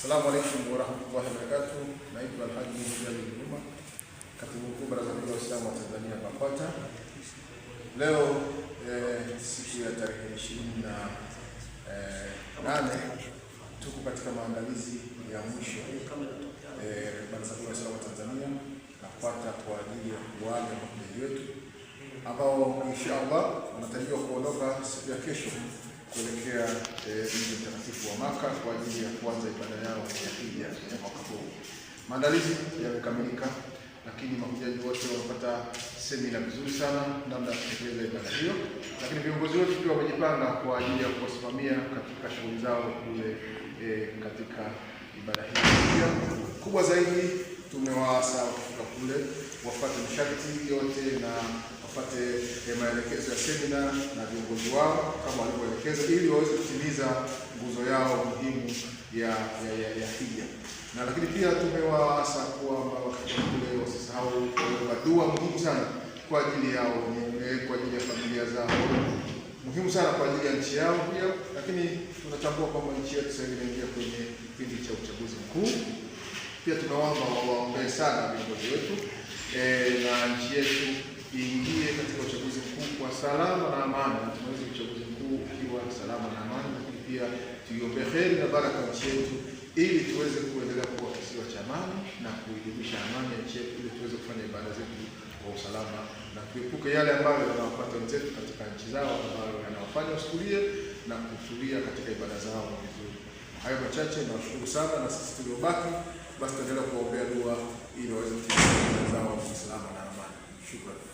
Asalamu alaykum warahmatullahi wabarakatuh. Naitwa Alhaji Mujahid Juma, katibu mkuu baraza la Waislamu wa Tanzania BAKWATA. Leo eh, siku ya tarehe ishirini na eh, nane tuko katika maandalizi ya mwisho eh, baraza kuu la Waislamu wa Tanzania BAKWATA kwa ajili ya kuaga mahujaji wetu ambao insha Allah wanatarajiwa kuondoka siku ya kesho kuelekea eh, Maka kwa ajili ya kuanza ibada yao ya hija ya mwaka huu. Maandalizi yamekamilika, lakini mahujaji wote wamepata semina vizuri sana namna ya kutekeleza ibada hiyo, lakini viongozi wetu pia wamejipanga kwa ajili ya kuwasimamia katika shughuli zao kule e, katika ibada hii kubwa zaidi. Tumewaasa wakifika kule wapate masharti yote na wapate ya maelekezo ya semina na viongozi wao kama walivyoelekeza, ili waweze kutimiza nguzo yao muhimu ya ya, ya, ya hija. Na lakini pia tumewaasa kwamba wakule wasisahau kuomba dua muhimu sana kwa ajili yao wenyewe, eh, kwa ajili ya familia zao, muhimu sana kwa ajili ya nchi yao pia. Lakini tunatambua kwamba nchi yetu sasa inaingia kwenye kipindi cha uchaguzi mkuu. Pia tunaomba waombee sana viongozi wetu e, na nchi yetu iingie katika salama na amani, mwezi uchaguzi mkuu ukiwa salama na amani, lakini pia tuiombee heri na baraka nchi yetu ili tuweze kuendelea kuwa kisiwa cha amani na kuidumisha amani ya nchi yetu ili tuweze kufanya ibada zetu kwa usalama na kuepuka yale ambayo yanawapata wenzetu katika nchi zao ambayo yanawafanya wasukulie na kusulia katika ibada zao vizuri. Hayo machache, nawashukuru sana, na sisi tuliobaki basi tuendelea kuwaombea dua ili waweze kutimiza ibada zao kwa usalama na amani. Shukrani.